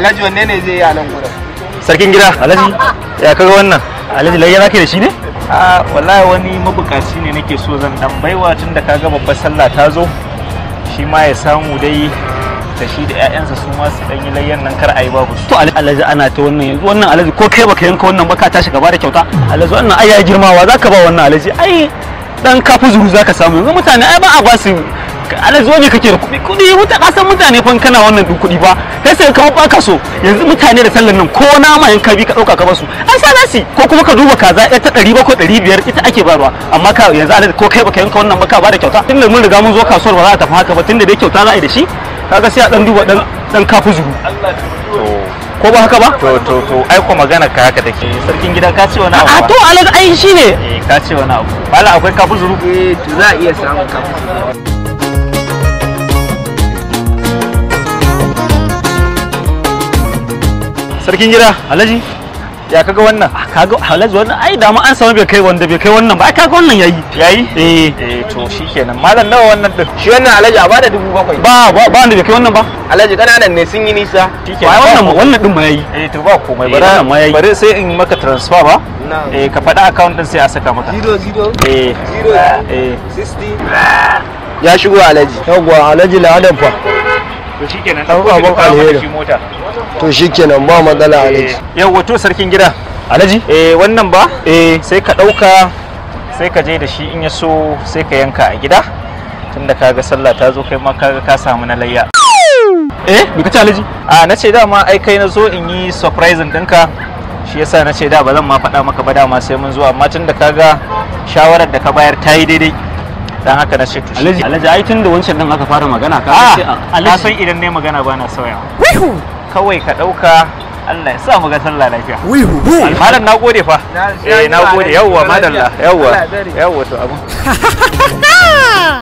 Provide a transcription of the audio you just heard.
alhaji wanne ne zai yi a nan gurin sarkin gida alhaji ya kaga wannan alhaji lai yana da shi ne a wallahi wani mabukaci ne nake so zan dan baiwa tun da kaga babbar sallah ta zo shi ma ya samu dai ta shi da ƴaƴansa su ma su dan yi layyan nan kar a yi babu to alhaji ana ta wannan yanzu wannan alhaji ko kai baka yanka wannan baka tashi gaba da kyauta alhaji wannan ai ya girmawa zaka ba wannan alhaji ai dan kafu zuru zaka samu yanzu mutane ai ba a ba su Alex wani kake da kuɗi kuɗi wuta kasan mutane fa kana wannan duk kuɗi ba kai sai ka baka so yanzu mutane da sallan nan ko nama yan ka bi ka dauka ka basu an sa nasi ko kuma ka duba kaza ta ita 700 ko 500 ita ake barwa amma ka yanzu Alex ko kai baka yanka wannan ba ka bada kyauta tunda mun riga mun zo kasuwar ba za a tafi haka ba tunda dai kyauta za a yi da shi kaga sai a dan duba dan dan kafu zuru ko ba haka ba to to to ai ko magana ka haka take eh, sarkin gida ka ce wani abu a to alal ai shine eh ka ce wani abu bala akwai kafu zuru eh za a iya samun kafu zuru sarkin gida alhaji ya kaga wannan ah, kaga alhaji wannan ai da ma an samu bai kai wanda bai kai wannan ba ai kaga wannan yayi yayi eh eh to shikenan malam nawa wannan din shi wannan alhaji a bada dubu bakwai ba ba ba wanda bai kai wannan ba alhaji kananan ne sun yi nisa shikenan ai wannan wannan din ma yayi eh to ba komai eh, ba wannan ma yayi bare sai in maka transfer ba eh ka faɗa account din sai a saka maka 00 eh 0 eh 60 ya shigo alhaji yawwa alhaji la adam fa to shikenan ɗauko alheri mota to shi kenan ba matsala eh, alaji yau wato sarkin gida alaji eh wannan ba eh sai ka dauka sai ka je da shi in ya so sai ka yanka a gida tunda kaga sallah ta zo kai ma kaga ka samu na layya eh me kace alaji a na ce dama ai kai na zo in yi surprising dinka shi yasa na ce da ba zan ma faɗa maka ba dama sai mun zo amma tunda kaga shawarar da ka bayar ta yi daidai dan haka na ce to alhaji alhaji ai tun da wancan din aka fara magana ka ce ah, Na san idan ne magana ba na sauya kawai ka ɗauka Allah ya sa mu ga sallah lafiya wihu malam na gode fa eh na gode yawwa madalla yawwa yawwa to abun.